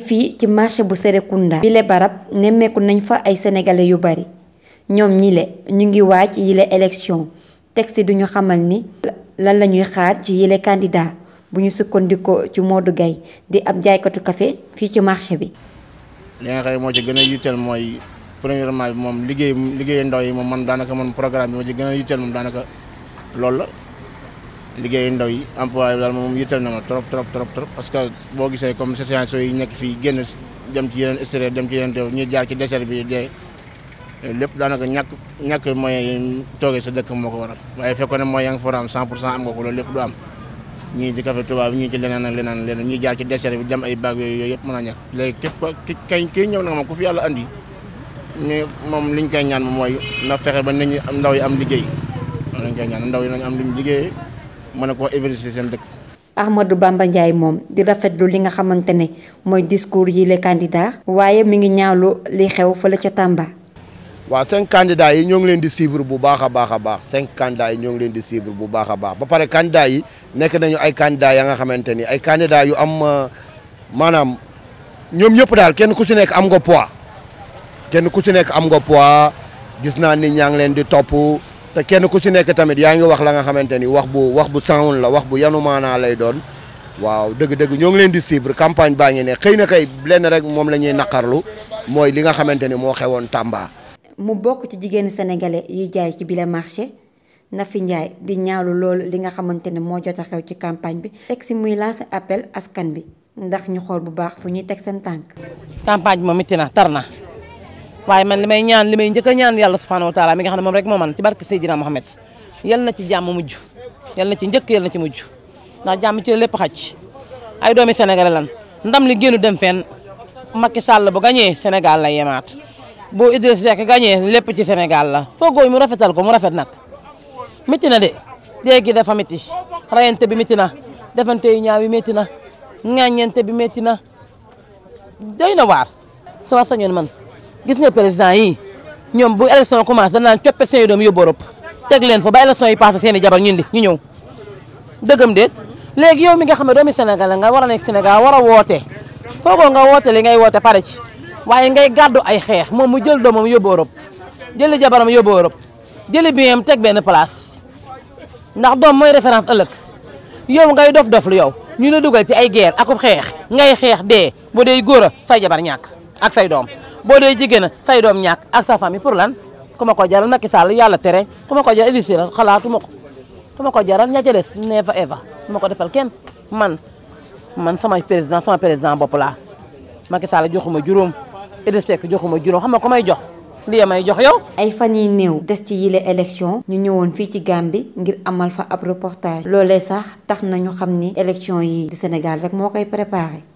fii ci marché bu Serekunda bile barab nemmeeku nañ fa ay sénégalais yu bari ñoom ñile ñu ngi waaj yile élection texte duñu xamal ni lan la ñuy xaar ci yile candidat bu ñu sukkandikoo ci Modou Gaye di ab jaaykatu café fii ci marché bi li nga xam moo ci gën a yitteel mooy premièrement bi moom liggéey liggéey ndaw yi moom man daanaka man programme bi moo ci gën a yitteel moom daanaka loolu la liggéey ndaw yi emploi bi daal moom yittal na ma trop trop trop parce que boo gisee comme situation yi nekk fii génn dem ci yeneen extérieur dem ci yeneen réew ñuy jaar lépp daanaka ñàkk ñàkk moyen yi toogee sa dëkk moo ko waral waaye fekkoon ne moyen nga foram 100 pour cent am nga loolu lépp du am ñii ci café tubaab ñii ci leneen ak leneen leneen ñuy jaar ci désert bi dem ay baag yooyu yëpp mën a ñàkk léegi képp kay kii ñëw nag moom ku fi yàlla andi moom liñ koy ñaan moom mooy na fexe ba nit ñi ndaw yi am liggéey loolu ndaw yi nañ am luñ mën a koo évoluer seen dëkk. Ahmadou Bamba Ndiaye moom di rafetlu li nga xamante ne mooy discours yi les candidats. waaye mi ngi ñaawlu li xew fële ca Tamba. waaw cinq candidats yi ñoo ngi leen di suivre bu baax a baax a baax cinq candidats yi ñoo ngi leen di suivre bu baax a baax ba pare candidats yi nekk nañu ay candidats ya nga xamante ni ay candidats yu am euh, maanaam ñoom ñëpp daal kenn ku si nekk am nga poids kenn ku si nekk am nga poids gis naa ni ñaa ngi leen di topp. té kenn ku ci nek tamit ya nga wax la nga xamanteni wax bu wax bu sawun la wax bu yanu maanaa lay doon waaw deug deug ñoo ngi leen di suivre campagne baangi ne xeyna xey kay lenn rek mom lañuy nakarlu moy li nga xamanteni ni xewon Tamba. mu bok ci jigéenu sénégalais yu jaay ci bile marché fi Ndiaye di ñaawlu lool li nga xamanteni mo xew ci campagne bi. tek ci muy lancé appel askan bi ndax ñu bu baax fu ñuy tek sen tank campagne momitina tarna waye man limay ñaan limay ñëk ñaan yalla subhanahu wa taala mi nga xamne mom rek mo man ci barke Seydina muhammad yal na ci jamm mujj yal na ci ñëk yal na ci mujj na jamm ci lepp xacc ay doomi Sénégal lan ndam li gënu dem fen Macky Sall bu gagné Sénégal la yemaat boo Idriss jek gagné lepp ci Sénégal la foogooy mu rafetal ko mu rafet nak métti na de léegi dafa metti rayante bi métti na defante ñaawi ñaaw na bi métti na doy na waar man gis nga président yi ñoom bu élection commencé danaan coppe seen doom yóbbu Europe teg leen fa ba élection yi passé seen i jabar ñun di ñu ñëw dëggam déet léegi yow mi nga xam ne i Sénégal nga war a nekk Sénégal war a woote foogoo nga woote li ngay woote pare ci waaye ngay gàddu ay xeex moom mu jël doomam yóbbu Europe jëli jabaram yóbbu Europe jëli biyam teg benn place ndax doom mooy référence ëllëg yow ngay dof dof lu yow ñu la dugal ci ay guerre akub xeex ngay xeex dee bu dee góor a say jabar ñàkk ak say doom boo dee jigéen a say doom ñàkk ak sa famille pour lan ku ma ko jaral Macky saal yàlla tere ku ma ko jaral Idrissa Seck xalaatu ma ko ku ma ko jaral ña ca des neefa eva du ma ko defal kenn man man sama président sama président bopp laa Macky Sall joxuma juróom Idrissa Seck joxuma juróom xam nga ku may jox lii may jox yow. ay fan yi néew des ci yile élection ñu ñëwoon fii ci bi ngir amal fa ab reportage loolee sax tax nañu xam ni élection yi du Sénégal rek moo koy préparé.